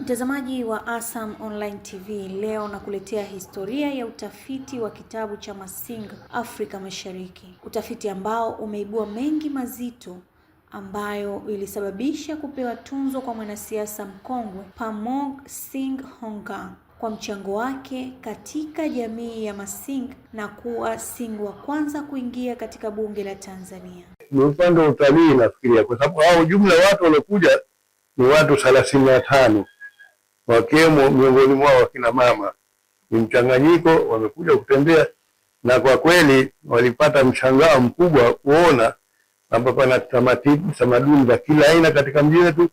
Mtazamaji wa Asam Online TV, leo nakuletea historia ya utafiti wa kitabu cha Masinga Afrika Mashariki, utafiti ambao umeibua mengi mazito ambayo ilisababisha kupewa tunzo kwa mwanasiasa mkongwe Pamog Singh honga kwa mchango wake katika jamii ya Masing na kuwa Singh wa kwanza kuingia katika bunge la Tanzania. Ni upande wa utalii nafikiria, kwa sababu hao jumla ya watu waliokuja ni watu thelathini na tano wakiwemo miongoni mwao wakina mama. Ni mchanganyiko, wamekuja kutembea na kwa kweli walipata mshangao mkubwa kuona kwamba pana tamaduni za kila aina katika mji wetu,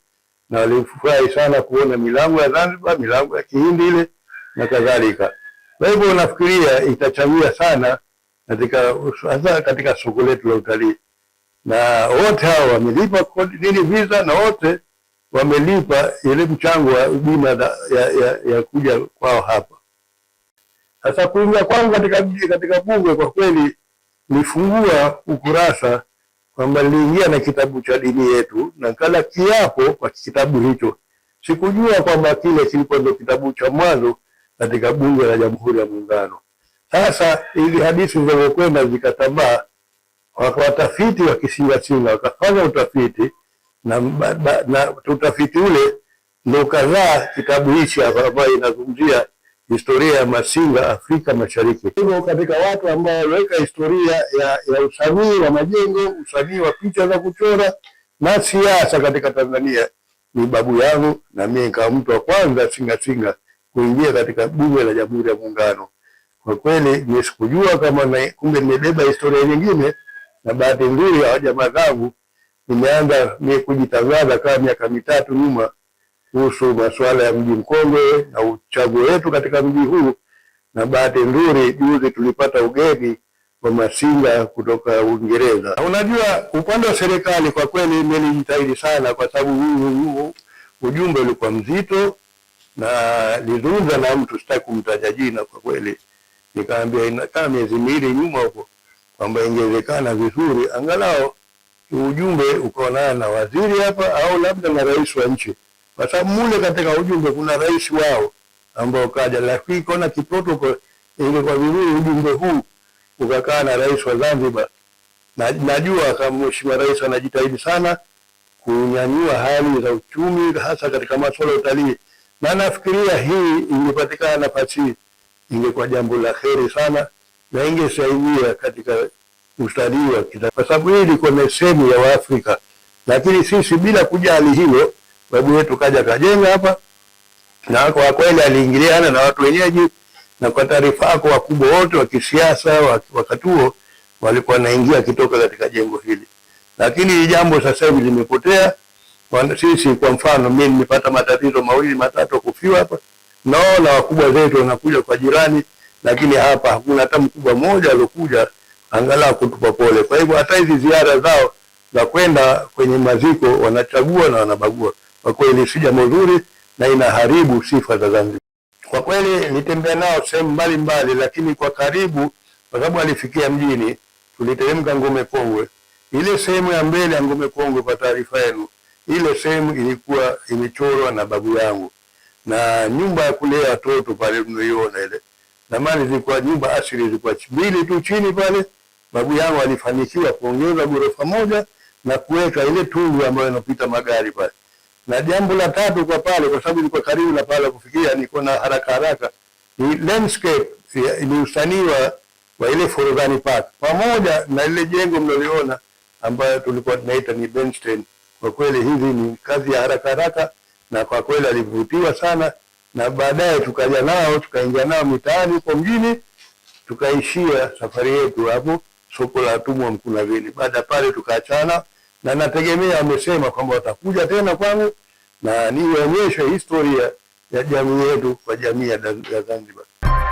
na walifurahi sana kuona milango ya Zanzibar, milango ya Kihindi ile na kadhalika. Kwa hivyo nafikiria itachangia sana katika hasa katika soko letu la utalii, na wote hao wamelipa kodi nini, visa na wote wamelipa ile mchango wa bima ya, ya, ya kuja kwao hapa. Sasa kuingia kwangu katika, katika bunge kwa kweli nifungua ukurasa kwamba niliingia na kitabu cha dini yetu na kala kiapo kwa kitabu hicho. Sikujua kwamba kile kilikuwa ndio kitabu cha mwanzo katika bunge la Jamhuri ya Muungano. Sasa ili hadithi zilizokwenda zikatambaa, wakawatafiti wakisingasinga, wakafanya utafiti na, ba, ba, na utafiti ule ndo kadhaa kitabu hichi hapa ambayo inazungumzia historia ya masinga Afrika Mashariki. Hivyo katika watu ambao waliweka historia ya, ya usanii wa majengo, usanii wa picha za kuchora na siasa katika Tanzania ni babu yangu, na mimi nikawa mtu wa kwanza Singa Singa kuingia katika bunge la Jamhuri ya Muungano. Kwa kweli mimi sikujua kama kumbe nimebeba historia nyingine, na bahati nzuri hawa jamaa zangu nimeanza mie kujitangaza kama miaka mitatu nyuma kuhusu masuala ya mji mkongwe na uchaguo wetu katika mji huu, na bahati nzuri juzi tulipata ugeni wa Masinga kutoka Uingereza. Unajua, upande wa serikali kwa kweli nilijitahidi sana, kwa sababu huu ujumbe ulikuwa mzito na nilizungumza na mtu, sitaki kumtaja jina kwa kweli, nikaambia inakaa miezi miwili nyuma huko kwamba ingewezekana vizuri angalau ujumbe ukaonana na waziri hapa au labda na rais wa nchi, kwa sababu mule katika ujumbe kuna rais wao ambao kaja, lakini kona kiprotokol ingekuwa vizuri ujumbe huu ukakaa na rais wa Zanzibar. Na, najua kama mheshimiwa rais anajitahidi sana kunyanyua hali za uchumi hasa katika masuala ya utalii, na nafikiria hii ingepatikana nafasi ingekuwa jambo la heri sana na ingesaidia katika utalii wa kita, kwa sababu hii ilikuwa ni sehemu ya Waafrika, lakini sisi bila kujali hilo, babu yetu kaja kajenga hapa, na kwa kweli aliingiliana na watu wenyeji, na kwa taarifa yako, wakubwa wote wa kisiasa wakati huo walikuwa wanaingia kitoka katika jengo hili, lakini hili jambo sasa hivi limepotea. Sisi kwa mfano, mimi nimepata matatizo mawili matatu kufiwa hapa, naona wakubwa zetu wanakuja kwa jirani, lakini hapa hakuna hata mkubwa mmoja aliyokuja angalau kutupa pole. Kwa hivyo hata hizi ziara zao za kwenda kwenye maziko wanachagua na wanabagua. Kwa kweli si jambo zuri na inaharibu sifa za Zanzibar. Kwa kweli nitembea nao sehemu mbalimbali, lakini kwa karibu, kwa sababu alifikia mjini, tuliteremka Ngome Kongwe. Ile sehemu ya mbele ya Ngome Kongwe, kwa taarifa yenu, ile sehemu ilikuwa imechorwa na babu yangu, na nyumba ya kulea watoto pale mnayoiona ile zamani zilikuwa nyumba asili, zilikuwa mbili tu chini pale babu yangu alifanikiwa kuongeza ghorofa moja na kuweka ile tundu ambayo inapita magari pale. Na jambo la tatu kwa pale, kwa sababu ilikuwa karibu na pale kufikia, niko na haraka haraka, ni landscape, ni usanii wa wa ile Forodhani Park pamoja na ile jengo mnaliona ambayo tulikuwa tunaita ni Benstein. Kwa kweli hizi ni kazi ya haraka haraka, na kwa kweli alivutiwa sana, na baadaye tukaja nao tukaingia nao mitaani huko mjini, tukaishia safari yetu hapo soko la watumwa Mkunazini. Baada pale tukaachana, na nategemea amesema kwamba watakuja tena kwangu na nionyeshe historia ya jamii yetu kwa jamii ya Zanzibar.